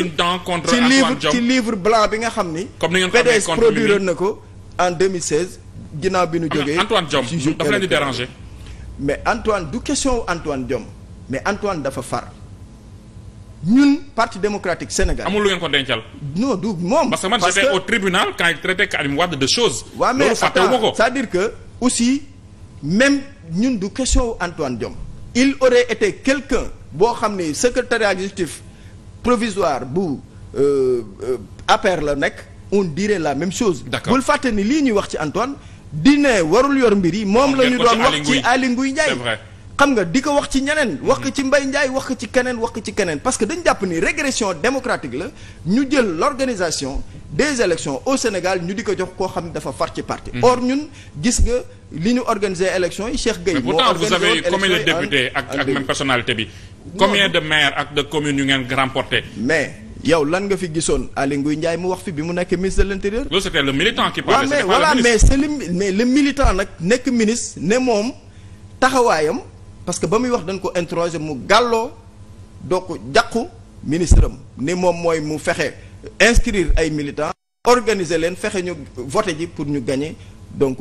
une dent contre ci livre ci blanc bi nga xam ni. comme ni ngeen ko amee contre PDS produire na ko en 2016. bi nu jógee Antoine Diome dafa leen di déranger. mais Antoine du question Antoine Diome mais Antoine dafa far ñun parti démocratique Sénégal. amul lu ngeen ko dencal. non du moom. parce que man j'étais au tribunal quand il traitait Karim Wade de choses. waaw mais attends cest dire que aussi même ñun du question Antoine Diome. il aurait été quelqu'un boo xam ni secrétariat exécutif provisoire bu euh, euh, APR la nekk on dirait la même chose. bul fàtte ni lii ñuy wax ci Antoine dine warul yor mbir yi moom la ñu doon wax ci Aly Ngouille Ndiaye xam nga di ko wax ci ñeneen wax mhm. ci mbay Ndiaye wax ko ci keneen wax ko ci keneen parce que dañ jàpp ni régression démocratique la ñu jël l'organisation des élections au Sénégal ñu di ko jox koo xam ne dafa far ci parti mhm. or ñun gis nga li ñu organiser élection yi Cheikh Gueye. moo organisé vous avez combien de députés ak ak même bi. combien de maires ak de communes yu ngeen remporté. mais yow lan nga fi gisoon Aly Ngouille Ndiaye mu wax fi bi mu nekk ministre de l' intérieur. mais voilà mais le mais le nag nekk ministre ne moom taxawaayam parce que ba muy wax dañ ko interroger mu gàlloo doo ko jàqu ministre am ni moom mooy mu fexe inscrire ay militants organiser leen fexe ñu voté ji pour ñu gagner donc